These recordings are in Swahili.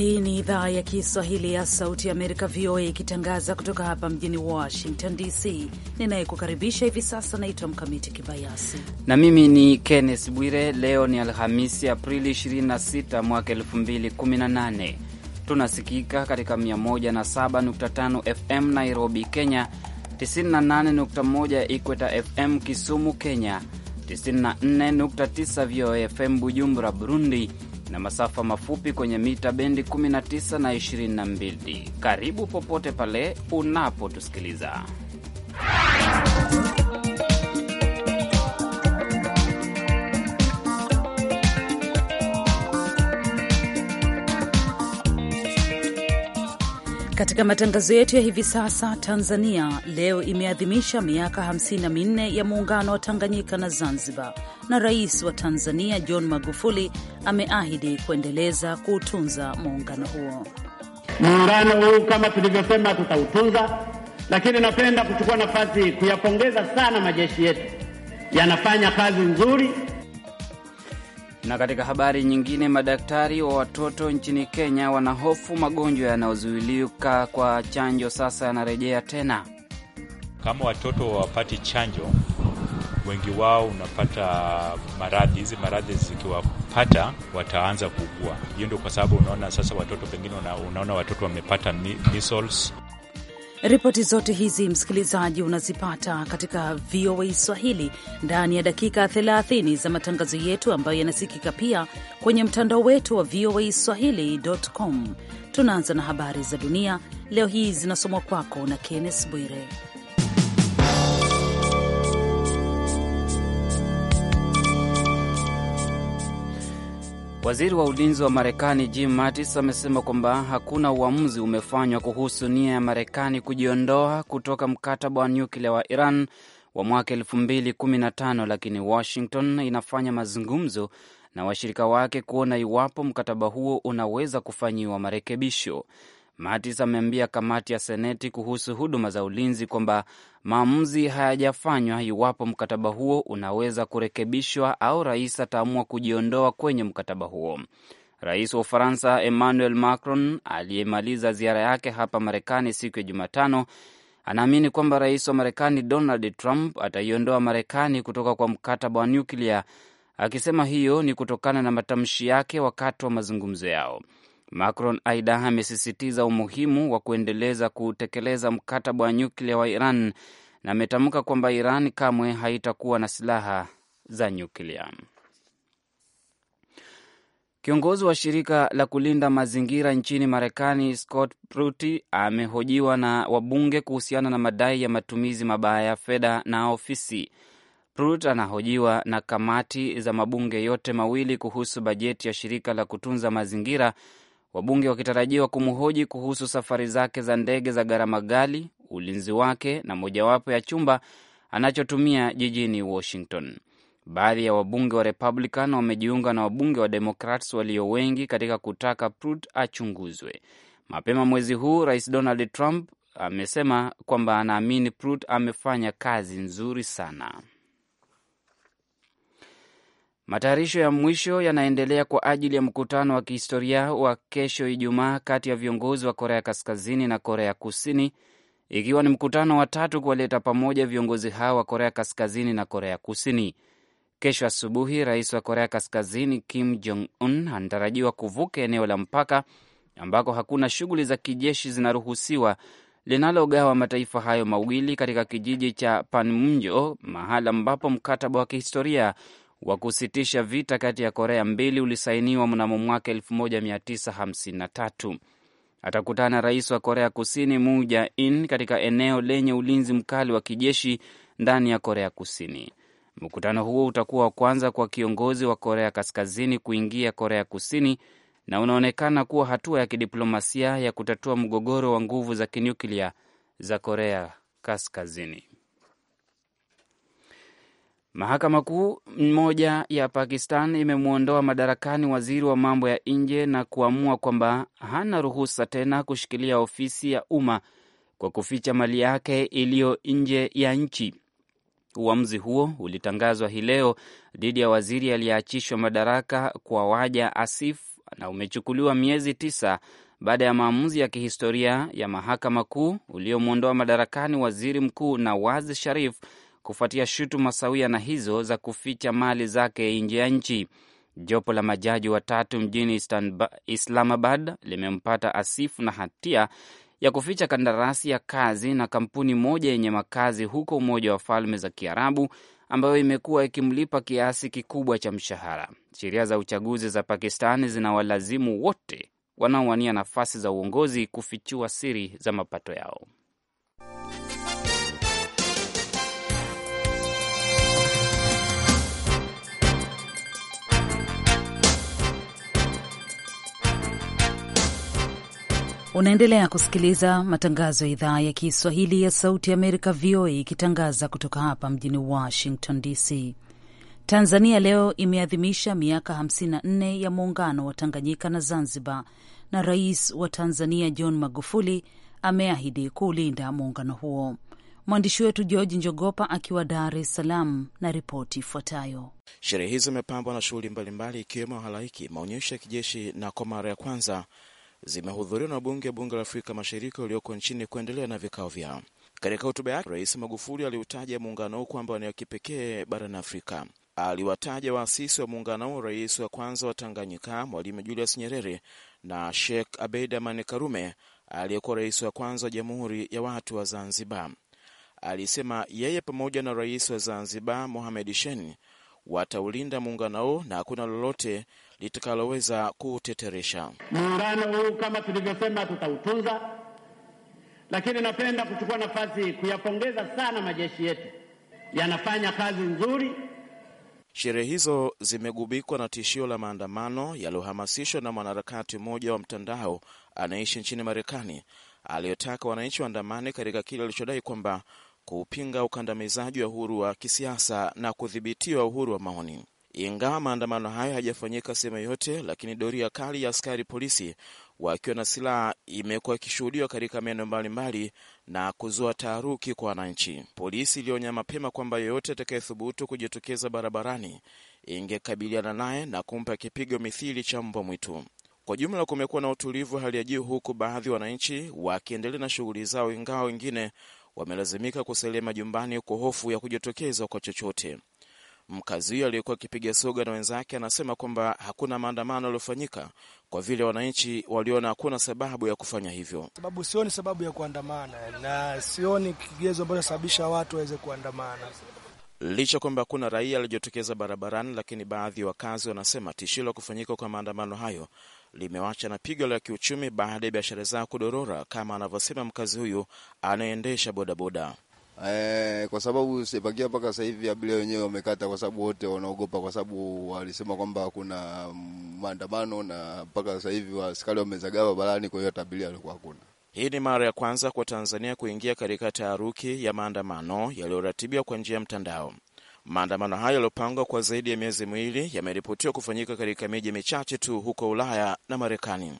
Hii ni idhaa ya Kiswahili ya Sauti ya Amerika, VOA, ikitangaza kutoka hapa mjini Washington DC. Ninayekukaribisha hivi sasa naitwa Mkamiti Kibayasi na mimi ni Kenneth Bwire. Leo ni Alhamisi, Aprili 26 mwaka 2018. Tunasikika katika 107.5 FM Nairobi, Kenya, 98.1 Ikweta FM Kisumu, Kenya, 94.9 VOA FM Bujumbura, Burundi, na masafa mafupi kwenye mita bendi 19 na 22. Karibu popote pale unapotusikiliza. Katika matangazo yetu ya hivi sasa, Tanzania leo imeadhimisha miaka 54 ya muungano wa Tanganyika na Zanzibar, na rais wa Tanzania John Magufuli ameahidi kuendeleza kuutunza muungano huo. Muungano huu kama tulivyosema, tutautunza, lakini napenda kuchukua nafasi kuyapongeza sana majeshi yetu, yanafanya kazi nzuri na katika habari nyingine, madaktari wa watoto nchini Kenya wanahofu magonjwa yanayozuilika kwa chanjo sasa yanarejea tena. Kama watoto wapati chanjo, wengi wao unapata maradhi. Hizi maradhi zikiwapata, wataanza kuugua. Hiyo ndio kwa sababu unaona sasa watoto pengine, unaona watoto wamepata measles Ripoti zote hizi msikilizaji, unazipata katika VOA Swahili ndani ya dakika 30 za matangazo yetu ambayo yanasikika pia kwenye mtandao wetu wa VOA Swahili.com. Tunaanza na habari za dunia leo hii zinasomwa kwako na Kennes Bwire. Waziri wa ulinzi wa Marekani Jim Mattis amesema kwamba hakuna uamuzi umefanywa kuhusu nia ya Marekani kujiondoa kutoka mkataba wa nyuklia wa Iran wa mwaka 2015 lakini Washington inafanya mazungumzo na washirika wake kuona iwapo mkataba huo unaweza kufanyiwa marekebisho. Mattis ameambia kamati ya Seneti kuhusu huduma za ulinzi kwamba maamuzi hayajafanywa iwapo mkataba huo unaweza kurekebishwa au rais ataamua kujiondoa kwenye mkataba huo. Rais wa Ufaransa Emmanuel Macron aliyemaliza ziara yake hapa Marekani siku ya Jumatano anaamini kwamba rais wa Marekani Donald Trump ataiondoa Marekani kutoka kwa mkataba wa nyuklia, akisema hiyo ni kutokana na matamshi yake wakati wa mazungumzo yao. Macron aidha amesisitiza umuhimu wa kuendeleza kutekeleza mkataba wa nyuklia wa Iran na ametamka kwamba Iran kamwe haitakuwa na silaha za nyuklia. Kiongozi wa shirika la kulinda mazingira nchini Marekani, Scott pruti amehojiwa na wabunge kuhusiana na madai ya matumizi mabaya ya fedha na ofisi. prut anahojiwa na kamati za mabunge yote mawili kuhusu bajeti ya shirika la kutunza mazingira wabunge wakitarajiwa kumhoji kuhusu safari zake za ndege za gharama ghali, ulinzi wake na mojawapo ya chumba anachotumia jijini Washington. Baadhi ya wabunge wa Republican wamejiunga na wabunge wa Democrats walio wengi katika kutaka prut achunguzwe. Mapema mwezi huu, Rais Donald Trump amesema kwamba anaamini prut amefanya kazi nzuri sana. Matayarisho ya mwisho yanaendelea kwa ajili ya mkutano wa kihistoria wa kesho Ijumaa kati ya viongozi wa Korea Kaskazini na Korea Kusini, ikiwa ni mkutano wa tatu kuwaleta pamoja viongozi hao wa Korea Kaskazini na Korea Kusini. Kesho asubuhi, rais wa Korea Kaskazini Kim Jong Un anatarajiwa kuvuka eneo la mpaka ambako hakuna shughuli za kijeshi zinaruhusiwa linalogawa mataifa hayo mawili katika kijiji cha Panmunjo, mahala ambapo mkataba wa kihistoria wa kusitisha vita kati ya Korea mbili ulisainiwa mnamo mwaka 1953. Atakutana rais wa Korea Kusini Moon Jae-in katika eneo lenye ulinzi mkali wa kijeshi ndani ya Korea Kusini. Mkutano huo utakuwa wa kwanza kwa kiongozi wa Korea Kaskazini kuingia Korea Kusini na unaonekana kuwa hatua ya kidiplomasia ya kutatua mgogoro wa nguvu za kinyuklia za Korea Kaskazini. Mahakama kuu moja ya Pakistan imemwondoa madarakani waziri wa mambo ya nje na kuamua kwamba hana ruhusa tena kushikilia ofisi ya umma kwa kuficha mali yake iliyo nje ya nchi. Uamuzi huo ulitangazwa hii leo dhidi ya waziri aliyeachishwa madaraka kwa waja Asif na umechukuliwa miezi tisa baada ya maamuzi ya kihistoria ya mahakama kuu uliomwondoa madarakani waziri mkuu Nawaz Sharif kufuatia shutuma sawia na hizo za kuficha mali zake nje ya nchi. Jopo la majaji watatu mjini Islamabad limempata Asifu na hatia ya kuficha kandarasi ya kazi na kampuni moja yenye makazi huko Umoja wa Falme za Kiarabu ambayo imekuwa ikimlipa kiasi kikubwa cha mshahara. Sheria za uchaguzi za Pakistani zinawalazimu wote wanaowania nafasi za uongozi kufichua siri za mapato yao. Unaendelea kusikiliza matangazo ya idhaa ya Kiswahili ya Sauti ya Amerika, VOA, ikitangaza kutoka hapa mjini Washington DC. Tanzania leo imeadhimisha miaka 54 ya muungano wa Tanganyika na Zanzibar, na rais wa Tanzania John Magufuli ameahidi kuulinda muungano huo. Mwandishi wetu George Njogopa akiwa Dar es Salaam na ripoti ifuatayo. Sherehe hizo imepambwa na shughuli mbalimbali, ikiwemo halaiki, maonyesho ya kijeshi na kwa mara ya kwanza zimehudhuriwa na wabunge wa bunge la Afrika Mashariki walioko nchini kuendelea na vikao vyao. Katika hotuba yake, Rais Magufuli aliutaja muungano huu kwamba ni wa kipekee barani Afrika. Aliwataja waasisi wa muungano huo, rais wa kwanza wa Tanganyika Mwalimu Julius Nyerere na Sheikh Abeid Amani Karume aliyekuwa rais wa kwanza wa Jamhuri ya Watu wa Zanzibar. Alisema yeye pamoja na rais wa Zanzibar Mohamed Shein wataulinda muungano huo na hakuna lolote litakaloweza kuuteteresha muungano huu. Kama tulivyosema, tutautunza, lakini napenda kuchukua nafasi kuyapongeza sana majeshi yetu, yanafanya kazi nzuri. Sherehe hizo zimegubikwa na tishio la maandamano yaliyohamasishwa na mwanaharakati mmoja wa mtandao anaishi nchini Marekani aliyotaka wananchi waandamane katika kile alichodai kwamba kupinga ukandamizaji wa uhuru wa kisiasa na kudhibitiwa uhuru wa maoni. Ingawa maandamano hayo hajafanyika sehemu yoyote, lakini doria kali ya askari polisi wakiwa na silaha imekuwa ikishuhudiwa katika maeneo mbalimbali na kuzua taharuki kwa wananchi. Polisi ilionya mapema kwamba yeyote atakayethubutu kujitokeza barabarani ingekabiliana naye na kumpa kipigo mithili cha mbwa mwitu. Kwa jumla, kumekuwa na utulivu hali ya juu, huku baadhi ya wananchi wakiendelea na shughuli zao, ingawa wengine wamelazimika kusalia majumbani kwa hofu ya kujitokeza kwa chochote. Mkazi huyo aliyekuwa akipiga soga na wenzake anasema kwamba hakuna maandamano yaliyofanyika kwa vile wananchi waliona hakuna sababu ya kufanya hivyo. Sababu sioni sababu ya kuandamana na sioni kigezo ambacho sababisha watu waweze kuandamana. Licha kwamba hakuna raia alijitokeza barabarani, lakini baadhi ya wakazi wanasema tishio la kufanyika kwa maandamano hayo limewacha na pigo la kiuchumi baada ya biashara zao kudorora, kama anavyosema mkazi huyu anayeendesha bodaboda. Eh, kwa sababu sipakia mpaka sasa hivi abiria wenyewe wamekata, kwa sababu wote wanaogopa, kwa sababu walisema kwamba kuna maandamano na mpaka sasa hivi askari wamezagaa barabarani, kwa hiyo abiria alikuwa hakuna. Hii ni mara ya kwanza kwa Tanzania kuingia katika taharuki ya maandamano yaliyoratibiwa kwa njia ya mtandao. Maandamano hayo yaliyopangwa kwa zaidi ya miezi miwili yameripotiwa kufanyika katika miji michache tu huko Ulaya na Marekani.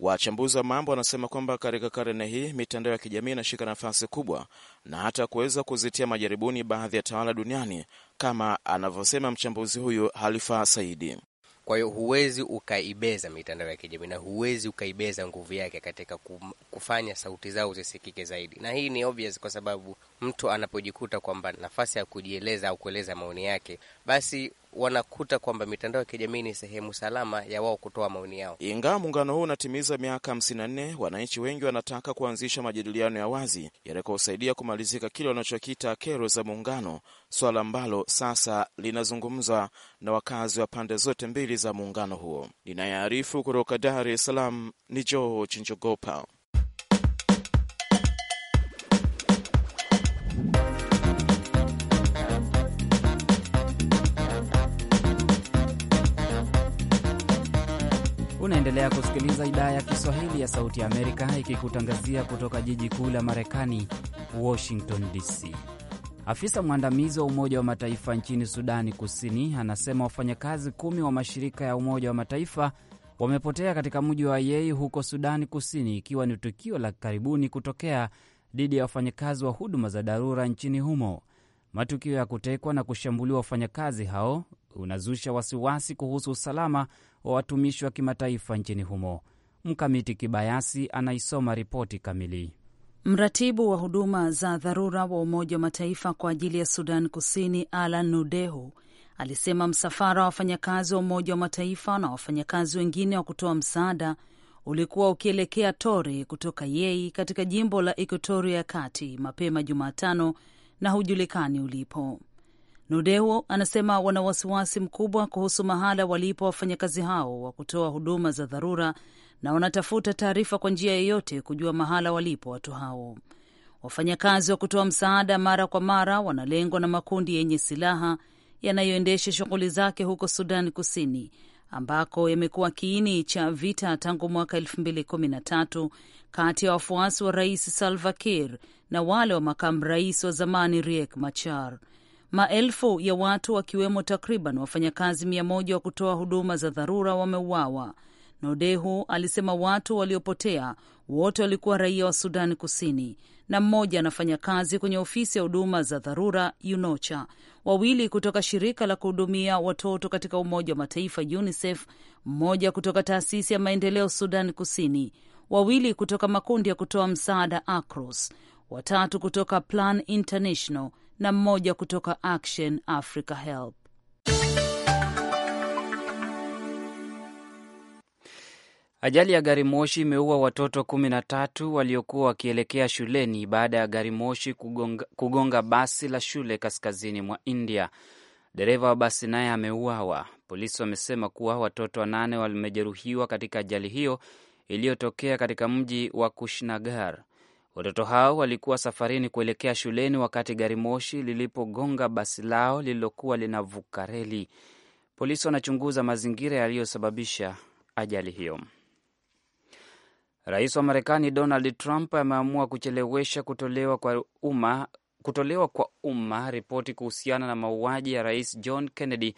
Wachambuzi wa mambo wanasema kwamba katika karne hii mitandao ya kijamii inashika nafasi kubwa na hata kuweza kuzitia majaribuni baadhi ya tawala duniani, kama anavyosema mchambuzi huyu Halifa Saidi. Kwa hiyo huwezi ukaibeza mitandao ya kijamii na huwezi ukaibeza nguvu yake katika kufanya sauti zao zisikike zaidi, na hii ni obvious kwa sababu mtu anapojikuta kwamba nafasi ya kujieleza au kueleza maoni yake, basi wanakuta kwamba mitandao ya kijamii ni sehemu salama ya wao kutoa maoni yao. Ingawa muungano huu unatimiza miaka 54, wananchi wengi wanataka kuanzisha majadiliano ya wazi yatakaosaidia kumalizika kile wanachokita kero za muungano, swala ambalo sasa linazungumzwa na wakazi wa pande zote mbili za muungano huo. Ninayearifu kutoka Dar es Salaam ni George Njogopa. Unaendelea kusikiliza idhaa ya Kiswahili ya Sauti ya Amerika ikikutangazia kutoka jiji kuu la Marekani, Washington DC. Afisa mwandamizi wa Umoja wa Mataifa nchini Sudani Kusini anasema wafanyakazi kumi wa mashirika ya Umoja wa Mataifa wamepotea katika mji wa Yei huko Sudani Kusini, ikiwa ni tukio la karibuni kutokea dhidi ya wafanyakazi wa huduma za dharura nchini humo. Matukio ya kutekwa na kushambuliwa wafanyakazi hao unazusha wasiwasi kuhusu usalama wa watumishi wa kimataifa nchini humo. Mkamiti Kibayasi anaisoma ripoti kamili. Mratibu wa huduma za dharura wa Umoja wa Mataifa kwa ajili ya Sudan Kusini, Alan Nudehu, alisema msafara wa wafanyakazi wa Umoja wa Mataifa na wafanyakazi wengine wa kutoa msaada ulikuwa ukielekea Tore kutoka Yei katika jimbo la Ekuatoria ya Kati mapema Jumatano na hujulikani ulipo nudeo anasema wana wasiwasi mkubwa kuhusu mahala walipo wafanyakazi hao wa kutoa huduma za dharura na wanatafuta taarifa kwa njia yoyote kujua mahala walipo watu hao. Wafanyakazi wa kutoa msaada mara kwa mara wanalengwa na makundi yenye silaha yanayoendesha shughuli zake huko Sudan Kusini, ambako yamekuwa kiini cha vita tangu mwaka elfu mbili kumi na tatu kati ya wafuasi wa rais Salva Kiir na wale wa makamu rais wa zamani Riek Machar. Maelfu ya watu wakiwemo takriban wafanyakazi mia moja wa kutoa huduma za dharura wameuawa. Nodehu alisema watu waliopotea wote walikuwa raia wa Sudani Kusini, na mmoja anafanya kazi kwenye ofisi ya huduma za dharura UNOCHA, wawili kutoka shirika la kuhudumia watoto katika Umoja wa Mataifa UNICEF, mmoja kutoka taasisi ya maendeleo Sudani Kusini, wawili kutoka makundi ya kutoa msaada ACROS, watatu kutoka Plan International na mmoja kutoka Action Africa Help. Ajali ya gari moshi imeua watoto kumi na tatu waliokuwa wakielekea shuleni baada ya gari moshi kugonga, kugonga basi la shule kaskazini mwa India. Dereva wa basi naye ameuawa. Polisi wamesema kuwa watoto wanane wamejeruhiwa katika ajali hiyo iliyotokea katika mji wa Kushinagar. Watoto hao walikuwa safarini kuelekea shuleni wakati gari moshi lilipogonga basi lao lililokuwa linavuka reli. Polisi wanachunguza mazingira yaliyosababisha ajali hiyo. Rais wa Marekani Donald Trump ameamua kuchelewesha kutolewa kwa umma kutolewa kwa umma ripoti kuhusiana na mauaji ya rais John Kennedy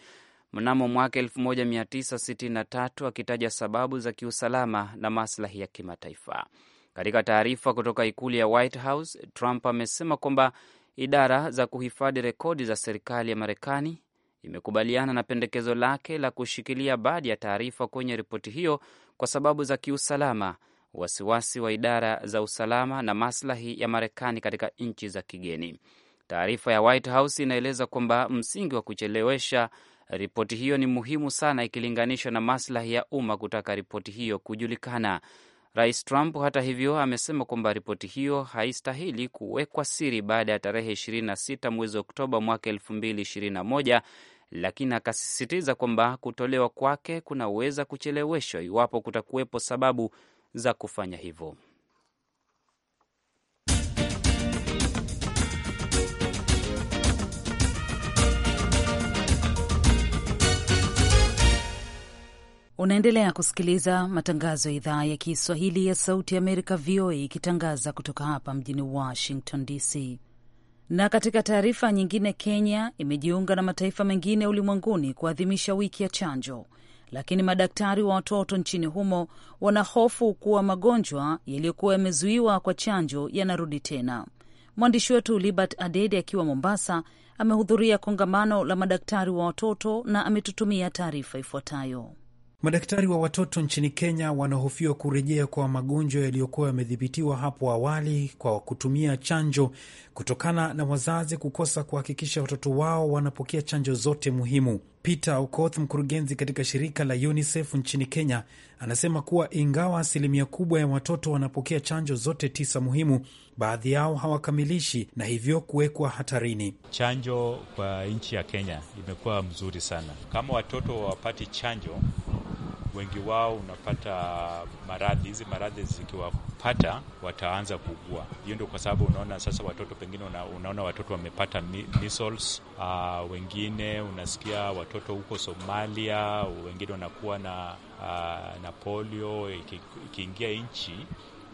mnamo mwaka 1963 akitaja sababu za kiusalama na maslahi ya kimataifa. Katika taarifa kutoka ikulu ya White House, Trump amesema kwamba idara za kuhifadhi rekodi za serikali ya Marekani imekubaliana na pendekezo lake la kushikilia baadhi ya taarifa kwenye ripoti hiyo kwa sababu za kiusalama, wasiwasi wa idara za usalama na maslahi ya Marekani katika nchi za kigeni. Taarifa ya White House inaeleza kwamba msingi wa kuchelewesha ripoti hiyo ni muhimu sana ikilinganishwa na maslahi ya umma kutaka ripoti hiyo kujulikana. Rais Trump hata hivyo amesema kwamba ripoti hiyo haistahili kuwekwa siri baada ya tarehe 26 mwezi Oktoba mwaka 2021, lakini akasisitiza kwamba kutolewa kwake kunaweza kucheleweshwa iwapo kutakuwepo sababu za kufanya hivyo. Unaendelea kusikiliza matangazo ya idhaa ya Kiswahili ya Sauti ya Amerika, VOA, ikitangaza kutoka hapa mjini Washington DC. Na katika taarifa nyingine, Kenya imejiunga na mataifa mengine ulimwenguni kuadhimisha wiki ya chanjo, lakini madaktari wa watoto nchini humo wanahofu kuwa magonjwa yaliyokuwa yamezuiwa kwa chanjo yanarudi tena. Mwandishi wetu Libert Adede akiwa Mombasa amehudhuria kongamano la madaktari wa watoto na ametutumia taarifa ifuatayo. Madaktari wa watoto nchini Kenya wanahofiwa kurejea kwa magonjwa yaliyokuwa yamedhibitiwa hapo awali kwa kutumia chanjo kutokana na wazazi kukosa kuhakikisha watoto wao wanapokea chanjo zote muhimu. Peter Okoth, mkurugenzi katika shirika la UNICEF nchini Kenya, anasema kuwa ingawa asilimia kubwa ya watoto wanapokea chanjo zote tisa muhimu, baadhi yao hawakamilishi na hivyo kuwekwa hatarini. Chanjo kwa nchi ya Kenya imekuwa mzuri sana. Kama watoto wapati chanjo wengi wao unapata maradhi, hizi maradhi zikiwapata wataanza kuugua. Hiyo ndio kwa sababu unaona sasa watoto pengine una, unaona watoto wamepata measles. Uh, wengine unasikia watoto huko Somalia, wengine wanakuwa na, uh, na polio ikiingia iki nchi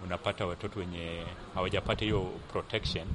unapata watoto wenye hawajapata hiyo protection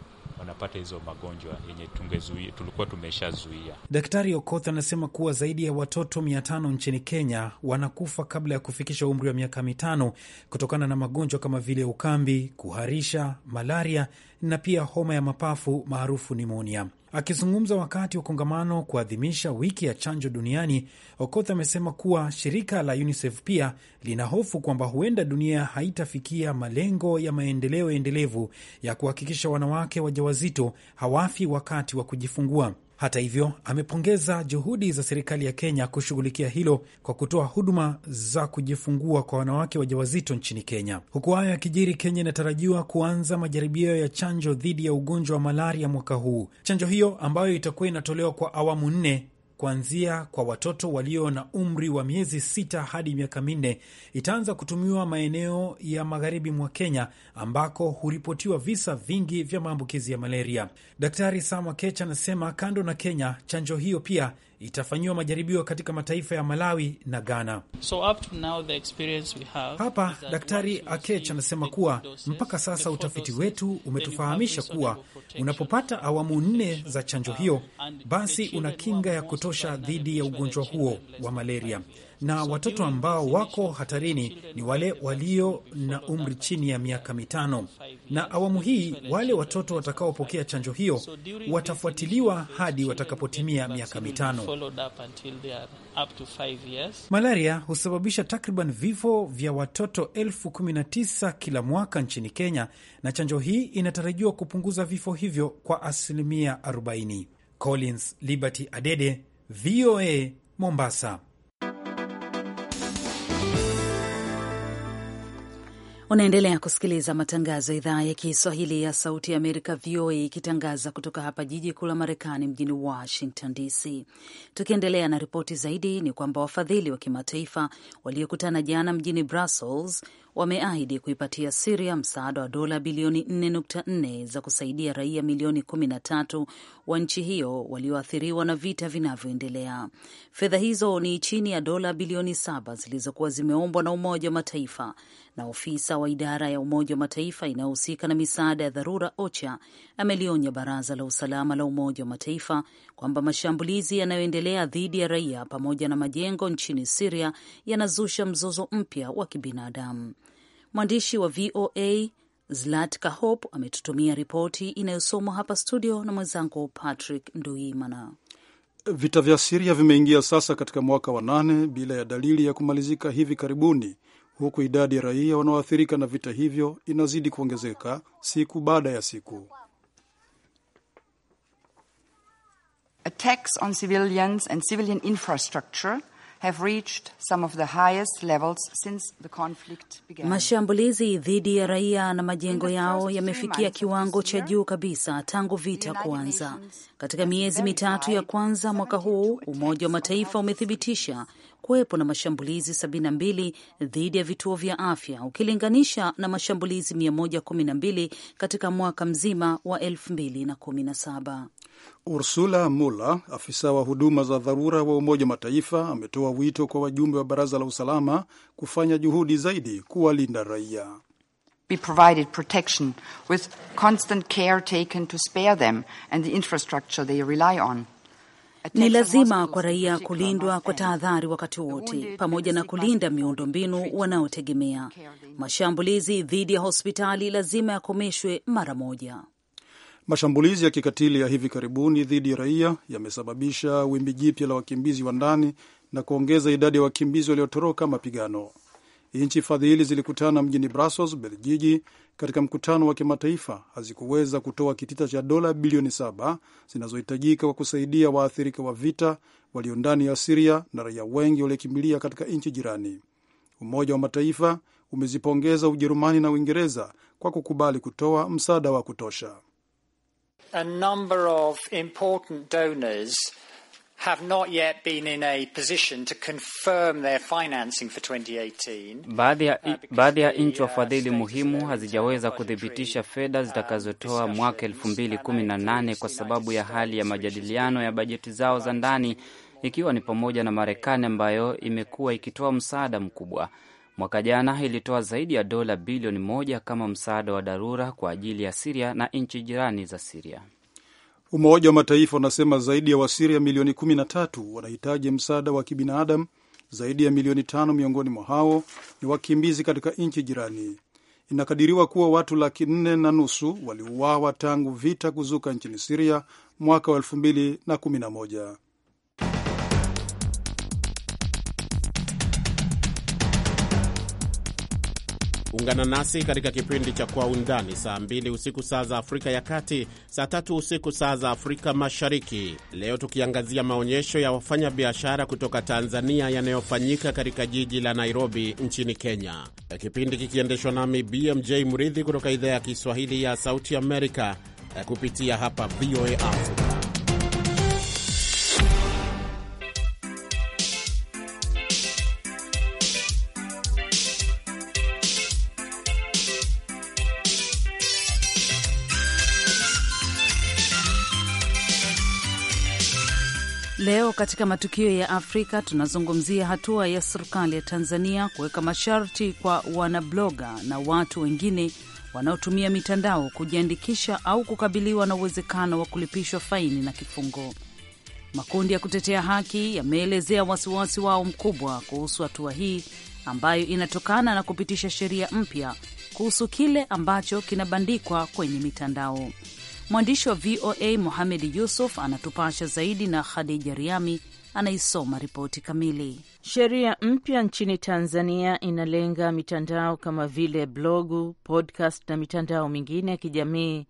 wanapata hizo magonjwa yenye tungezuia, tulikuwa tumeshazuia. Daktari Okoth anasema kuwa zaidi ya watoto mia tano nchini Kenya wanakufa kabla ya kufikisha umri wa miaka mitano kutokana na magonjwa kama vile ukambi, kuharisha, malaria na pia homa ya mapafu maarufu nimonia. Akizungumza wakati wa kongamano kuadhimisha wiki ya chanjo duniani, Okoth amesema kuwa shirika la UNICEF pia lina hofu kwamba huenda dunia haitafikia malengo ya maendeleo endelevu ya kuhakikisha wanawake wajawazito hawafi wakati wa kujifungua. Hata hivyo, amepongeza juhudi za serikali ya Kenya kushughulikia hilo kwa kutoa huduma za kujifungua kwa wanawake wajawazito nchini Kenya. Huku hayo yakijiri, Kenya inatarajiwa kuanza majaribio ya chanjo dhidi ya ugonjwa wa malaria mwaka huu. Chanjo hiyo ambayo itakuwa inatolewa kwa awamu nne kuanzia kwa watoto walio na umri wa miezi sita hadi miaka minne itaanza kutumiwa maeneo ya magharibi mwa Kenya ambako huripotiwa visa vingi vya maambukizi ya malaria. Daktari Sam Wakech anasema kando na Kenya, chanjo hiyo pia itafanyiwa majaribio katika mataifa ya Malawi na Ghana. So up to now the experience we have hapa, Daktari Akech anasema kuwa mpaka sasa utafiti wetu umetufahamisha kuwa unapopata awamu nne za chanjo um, hiyo, basi una kinga ya kutosha dhidi ya ugonjwa huo wa malaria na watoto ambao wako hatarini ni wale walio na umri chini ya miaka mitano. Na awamu hii wale watoto watakaopokea chanjo hiyo watafuatiliwa hadi watakapotimia miaka mitano. Malaria husababisha takriban vifo vya watoto elfu kumi na tisa kila mwaka nchini Kenya, na chanjo hii inatarajiwa kupunguza vifo hivyo kwa asilimia 40. Collins Liberty Adede, VOA, Mombasa. Unaendelea kusikiliza matangazo ya idhaa ya Kiswahili ya Sauti ya Amerika, VOA, ikitangaza kutoka hapa jiji kuu la Marekani, mjini Washington DC. Tukiendelea na ripoti zaidi, ni kwamba wafadhili wa kimataifa waliokutana jana mjini Brussels wameahidi kuipatia Siria msaada wa dola bilioni 4.4 za kusaidia raia milioni 13 wa nchi hiyo walioathiriwa na vita vinavyoendelea. Fedha hizo ni chini ya dola bilioni 7 zilizokuwa zimeombwa na Umoja wa Mataifa na ofisa wa idara ya Umoja wa Mataifa inayohusika na misaada ya dharura OCHA amelionya Baraza la Usalama la Umoja wa Mataifa kwamba mashambulizi yanayoendelea dhidi ya raia pamoja na majengo nchini Siria yanazusha mzozo mpya wa kibinadamu. Mwandishi wa VOA Zlatka Hope ametutumia ripoti inayosomwa hapa studio na mwenzangu Patrick Nduimana. Vita vya Siria vimeingia sasa katika mwaka wa nane bila ya dalili ya kumalizika hivi karibuni, huku idadi ya raia wanaoathirika na vita hivyo inazidi kuongezeka siku baada ya siku. Attacks on civilians and civilian infrastructure have reached some of the highest levels since the conflict began. Mashambulizi dhidi ya raia na majengo yao yamefikia kiwango cha juu kabisa tangu vita kuanza. Katika miezi mitatu ya kwanza mwaka huu, Umoja wa Mataifa umethibitisha kuwepo na mashambulizi 72 dhidi ya vituo vya afya ukilinganisha na mashambulizi 112 katika mwaka mzima wa 2017. Ursula Muller, afisa wa huduma za dharura wa Umoja wa Mataifa, ametoa wito kwa wajumbe wa Baraza la Usalama kufanya juhudi zaidi kuwalinda raia. Be provided protection with constant care taken to spare them and the infrastructure they rely on. Ni lazima kwa raia kulindwa kwa tahadhari wakati wote, pamoja na kulinda miundombinu wanaotegemea. Mashambulizi dhidi ya hospitali lazima yakomeshwe mara moja. Mashambulizi ya kikatili ya hivi karibuni dhidi ya raia yamesababisha wimbi jipya la wakimbizi wa ndani na kuongeza idadi ya wakimbizi waliotoroka mapigano. Nchi fadhili zilikutana mjini Brussels, Belgiji, katika mkutano wa kimataifa hazikuweza kutoa kitita cha dola bilioni saba zinazohitajika kwa kusaidia waathirika wa vita walio ndani ya Siria na raia wengi waliokimbilia katika nchi jirani. Umoja wa Mataifa umezipongeza Ujerumani na Uingereza kwa kukubali kutoa msaada wa kutosha. A number of important donors have not yet been in a position to confirm their financing for 2018. Baadhi ya, uh, baadhi wa nchi uh, wafadhili muhimu hazijaweza kuthibitisha fedha um, zitakazotoa mwaka 2018 kwa sababu ya hali ya majadiliano ya bajeti zao za ndani, ikiwa ni pamoja na Marekani ambayo imekuwa ikitoa msaada mkubwa. Mwaka jana ilitoa zaidi ya dola bilioni moja kama msaada wa dharura kwa ajili ya Siria na nchi jirani za Siria. Umoja wa Mataifa unasema zaidi ya Wasiria milioni 1na tatu wanahitaji msaada wa kibinadamu. Zaidi ya milioni tano miongoni mwa hao ni wakimbizi katika nchi jirani. Inakadiriwa kuwa watu laki nne na nusu waliuawa tangu vita kuzuka nchini Siria mwaka wa elfu mbili na kumi na moja. Ungana nasi katika kipindi cha Kwa Undani saa 2 usiku saa za Afrika ya Kati, saa tatu usiku saa za Afrika Mashariki. Leo tukiangazia maonyesho ya wafanyabiashara kutoka Tanzania yanayofanyika katika jiji la Nairobi nchini Kenya, kipindi kikiendeshwa nami BMJ Mridhi kutoka idhaa ya Kiswahili ya Sauti Amerika kupitia hapa VOA Africa. Leo katika matukio ya Afrika tunazungumzia hatua ya serikali ya Tanzania kuweka masharti kwa wanabloga na watu wengine wanaotumia mitandao kujiandikisha au kukabiliwa na uwezekano wa kulipishwa faini na kifungo. Makundi ya kutetea haki yameelezea wasiwasi wao mkubwa kuhusu hatua hii ambayo inatokana na kupitisha sheria mpya kuhusu kile ambacho kinabandikwa kwenye mitandao. Mwandishi wa VOA Mohamed Yusuf anatupasha zaidi na Khadija Riami anaisoma ripoti kamili. Sheria mpya nchini Tanzania inalenga mitandao kama vile blogu, podcast na mitandao mingine ya kijamii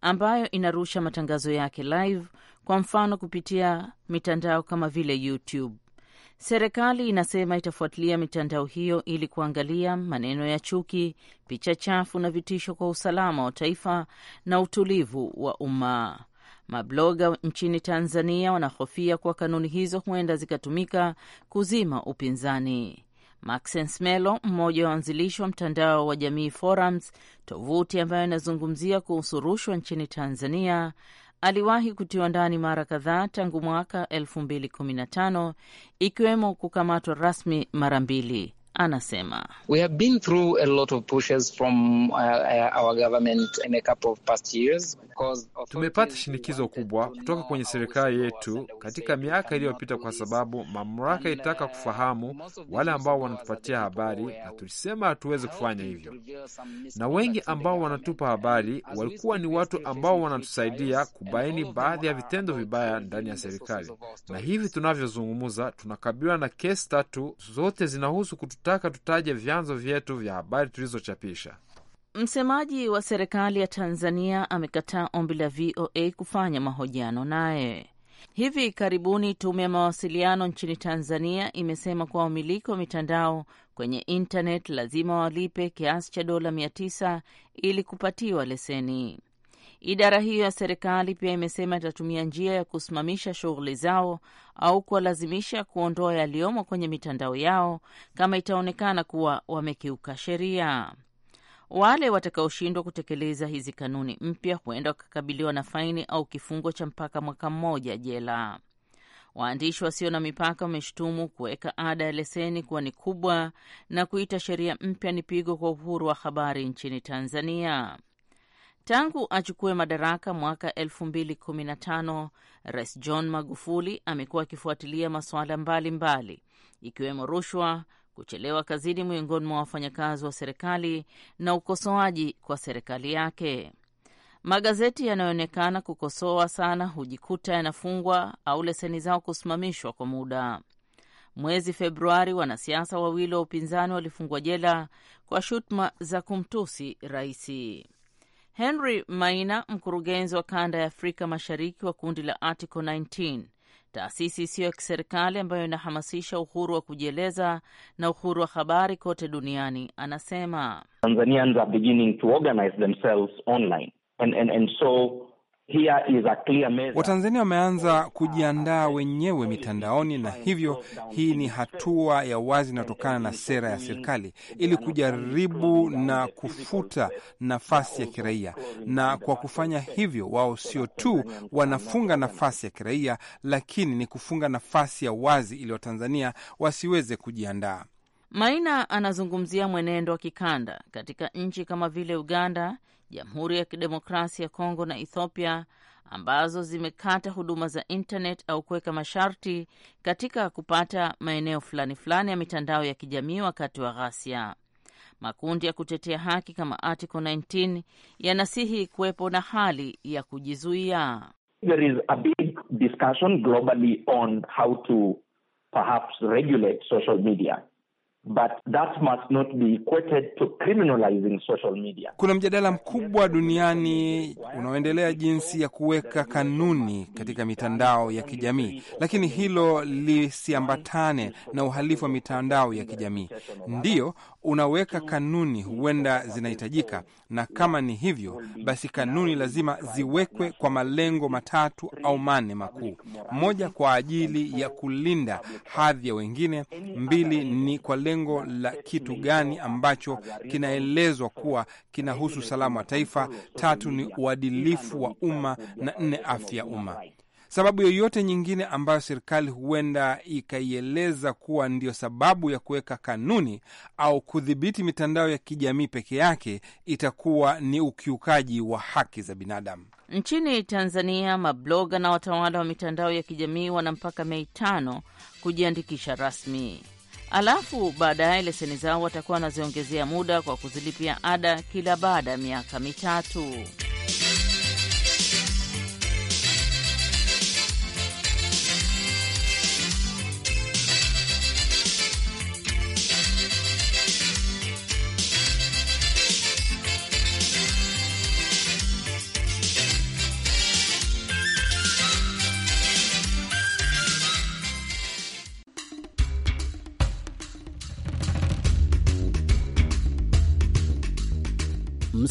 ambayo inarusha matangazo yake live, kwa mfano kupitia mitandao kama vile YouTube. Serikali inasema itafuatilia mitandao hiyo ili kuangalia maneno ya chuki, picha chafu na vitisho kwa usalama wa taifa na utulivu wa umma. Mabloga nchini Tanzania wanahofia kuwa kanuni hizo huenda zikatumika kuzima upinzani. Maxens Melo, mmoja wa waanzilishi wa mtandao wa Jamii Forums, tovuti ambayo inazungumzia kuhusu rushwa nchini Tanzania, aliwahi kutiwa ndani mara kadhaa tangu mwaka 2015 ikiwemo kukamatwa rasmi mara mbili anasema We have been through a lot of pushes from uh, uh, our government in a couple of past years tumepata shinikizo kubwa kutoka kwenye serikali yetu katika miaka iliyopita, kwa sababu mamlaka itaka uh, kufahamu wale ambao wanatupatia habari, na tulisema hatuwezi kufanya hivyo, na wengi ambao wanatupa habari walikuwa ni watu ambao wanatusaidia kubaini baadhi ya vitendo vibaya ndani ya serikali, na hivi tunavyozungumza tunakabiliwa na kesi tatu, zote zinahusu kutu wanatutaka tutaje vyanzo vyetu vya habari tulizochapisha. Msemaji wa serikali ya Tanzania amekataa ombi la VOA kufanya mahojiano naye. Hivi karibuni tume ya mawasiliano nchini Tanzania imesema kuwa wamiliki wa mitandao kwenye intanet lazima walipe kiasi cha dola mia tisa ili kupatiwa leseni. Idara hiyo ya serikali pia imesema itatumia njia ya kusimamisha shughuli zao au kuwalazimisha kuondoa yaliyomo kwenye mitandao yao kama itaonekana kuwa wamekiuka sheria. Wale watakaoshindwa kutekeleza hizi kanuni mpya huenda wakakabiliwa na faini au kifungo cha mpaka mwaka mmoja jela. Waandishi wasio na mipaka wameshutumu kuweka ada ya leseni kuwa ni kubwa na kuita sheria mpya ni pigo kwa uhuru wa habari nchini Tanzania. Tangu achukue madaraka mwaka 2015 Rais John Magufuli amekuwa akifuatilia masuala mbalimbali ikiwemo rushwa, kuchelewa kazini miongoni mwa wafanyakazi wa serikali na ukosoaji kwa serikali yake. Magazeti yanayoonekana kukosoa sana hujikuta yanafungwa au leseni zao kusimamishwa kwa muda. Mwezi Februari, wanasiasa wawili wa upinzani walifungwa jela kwa shutuma za kumtusi raisi. Henry Maina, mkurugenzi wa kanda ya Afrika Mashariki wa kundi la Article 19, taasisi isiyo ya kiserikali ambayo inahamasisha uhuru wa kujieleza na uhuru wa habari kote duniani, anasema Tanzanians are beginning to organize themselves online and, and, and so Watanzania wameanza kujiandaa wenyewe mitandaoni, na hivyo hii ni hatua ya wazi inayotokana na sera ya serikali ili kujaribu na kufuta nafasi ya kiraia. Na kwa kufanya hivyo, wao sio tu wanafunga nafasi ya kiraia, lakini ni kufunga nafasi ya wazi ili watanzania wasiweze kujiandaa. Maina anazungumzia mwenendo wa kikanda katika nchi kama vile Uganda, Jamhuri ya Kidemokrasia ya Kongo na Ethiopia ambazo zimekata huduma za internet au kuweka masharti katika kupata maeneo fulani fulani ya mitandao ya kijamii wakati wa ghasia. Makundi ya kutetea haki kama Article 19 yanasihi kuwepo na hali ya kujizuia. There is a big discussion globally on how to perhaps regulate social media. But that must not be equated to criminalizing social media. Kuna mjadala mkubwa duniani unaoendelea jinsi ya kuweka kanuni katika mitandao ya kijamii, lakini hilo lisiambatane na uhalifu wa mitandao ya kijamii. Ndiyo, unaweka kanuni, huenda zinahitajika, na kama ni hivyo, basi kanuni lazima ziwekwe kwa malengo matatu au manne makuu: moja, kwa ajili ya kulinda hadhi ya wengine; mbili, ni kwa lengo la kitu gani ambacho kinaelezwa kuwa kinahusu usalama wa taifa; tatu, ni uadilifu wa umma; na nne, afya ya umma. Sababu yoyote nyingine ambayo serikali huenda ikaieleza kuwa ndiyo sababu ya kuweka kanuni au kudhibiti mitandao ya kijamii peke yake itakuwa ni ukiukaji wa haki za binadamu. Nchini Tanzania, mabloga na watawala wa mitandao ya kijamii wana mpaka Mei tano kujiandikisha rasmi, alafu baadaye leseni zao watakuwa wanaziongezea muda kwa kuzilipia ada kila baada ya miaka mitatu.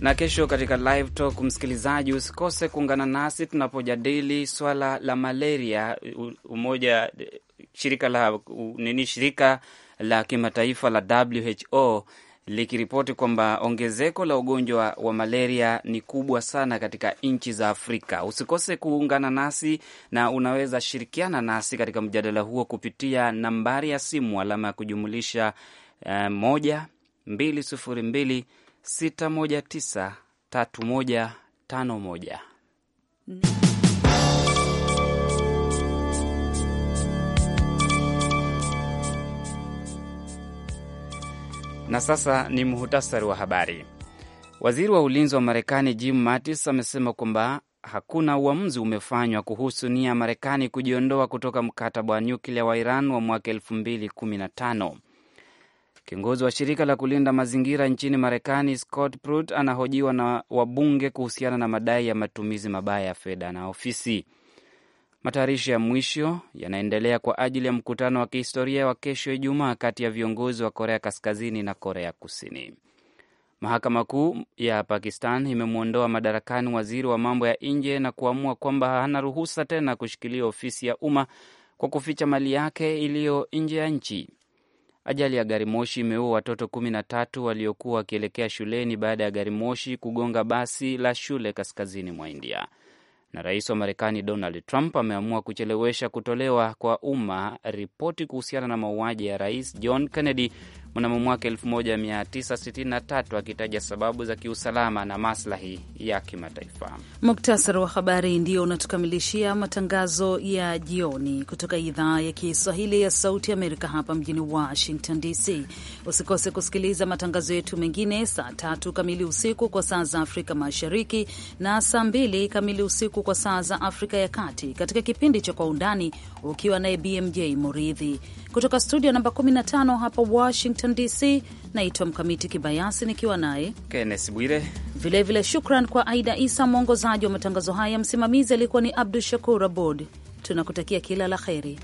na kesho katika live talk, msikilizaji, usikose kuungana nasi tunapojadili swala la malaria. Umoja shirika la nini, shirika la kimataifa la WHO likiripoti kwamba ongezeko la ugonjwa wa malaria ni kubwa sana katika nchi za Afrika. Usikose kuungana nasi na unaweza shirikiana nasi katika mjadala huo kupitia nambari ya simu alama ya kujumulisha eh, moja mbili sufuri mbili na sasa ni muhutasari wa habari. Waziri wa ulinzi wa Marekani Jim Mattis amesema kwamba hakuna uamuzi umefanywa kuhusu nia ya Marekani kujiondoa kutoka mkataba wa nyuklia wa Iran wa mwaka 2015. Kiongozi wa shirika la kulinda mazingira nchini Marekani, Scott Pruitt, anahojiwa na wabunge kuhusiana na madai ya matumizi mabaya ya fedha na ofisi. Matayarisho ya mwisho yanaendelea kwa ajili ya mkutano wa kihistoria wa kesho Ijumaa kati ya viongozi wa Korea Kaskazini na Korea Kusini. Mahakama Kuu ya Pakistan imemwondoa madarakani waziri wa mambo ya nje na kuamua kwamba hana ruhusa tena kushikilia ofisi ya umma kwa kuficha mali yake iliyo nje ya nchi. Ajali ya gari moshi imeua watoto kumi na tatu waliokuwa wakielekea shuleni baada ya gari moshi kugonga basi la shule kaskazini mwa India. Na rais wa Marekani Donald Trump ameamua kuchelewesha kutolewa kwa umma ripoti kuhusiana na mauaji ya rais John Kennedy mnamo mwaka 1963 akitaja sababu za kiusalama na maslahi ya kimataifa. Muktasari wa habari ndio unatukamilishia matangazo ya jioni kutoka idhaa ya Kiswahili ya Sauti Amerika hapa mjini Washington DC. Usikose kusikiliza matangazo yetu mengine saa tatu kamili usiku kwa saa za Afrika Mashariki na saa mbili kamili usiku kwa saa za Afrika ya Kati katika kipindi cha Kwa Undani ukiwa naye BMJ Muridhi kutoka studio namba 15 hapa Washington Washington DC. Naitwa Mkamiti Kibayasi nikiwa naye Kennes Bwire. Vilevile shukran kwa Aida Isa, mwongozaji wa matangazo haya. Msimamizi alikuwa ni Abdu Shakur Abod. Tunakutakia kila la heri.